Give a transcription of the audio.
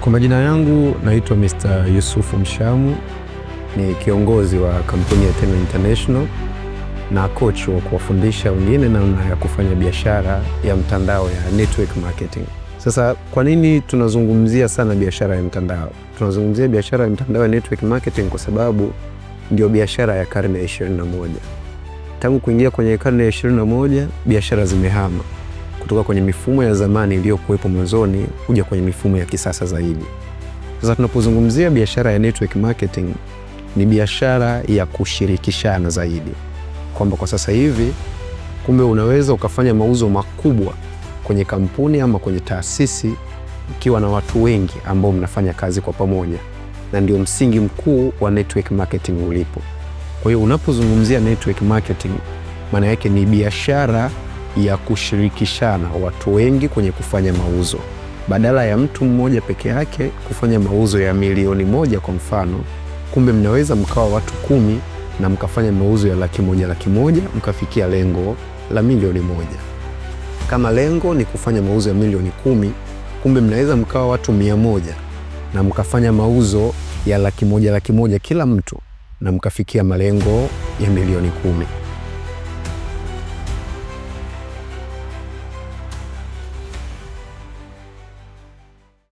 Kwa majina yangu naitwa Mr. Yusufu Mshamu, ni kiongozi wa kampuni ya Tenno International na coach wa kuwafundisha wengine namna ya kufanya biashara ya mtandao ya network marketing. Sasa kwa nini tunazungumzia sana biashara ya mtandao? Tunazungumzia biashara ya mtandao ya network marketing kwa sababu ndio biashara ya karne ya 21. Tangu kuingia kwenye karne ya 21, biashara zimehama kutoka kwenye mifumo ya zamani iliyokuwepo mwanzoni kuja kwenye mifumo ya kisasa zaidi. Sasa tunapozungumzia biashara ya network marketing, ni biashara ya kushirikishana zaidi, kwamba kwa sasa hivi kumbe unaweza ukafanya mauzo makubwa kwenye kampuni ama kwenye taasisi ukiwa na watu wengi ambao mnafanya kazi kwa pamoja, na ndio msingi mkuu wa network marketing ulipo. Kwa hiyo unapozungumzia network marketing, maana yake ni biashara ya kushirikishana watu wengi kwenye kufanya mauzo, badala ya mtu mmoja peke yake kufanya mauzo ya milioni moja kwa mfano, kumbe mnaweza mkawa watu kumi na mkafanya mauzo ya laki moja laki moja mkafikia lengo la milioni moja. Kama lengo ni kufanya mauzo ya milioni kumi, kumbe mnaweza mkawa watu mia moja na mkafanya mauzo ya laki moja laki moja kila mtu na mkafikia malengo ya milioni kumi.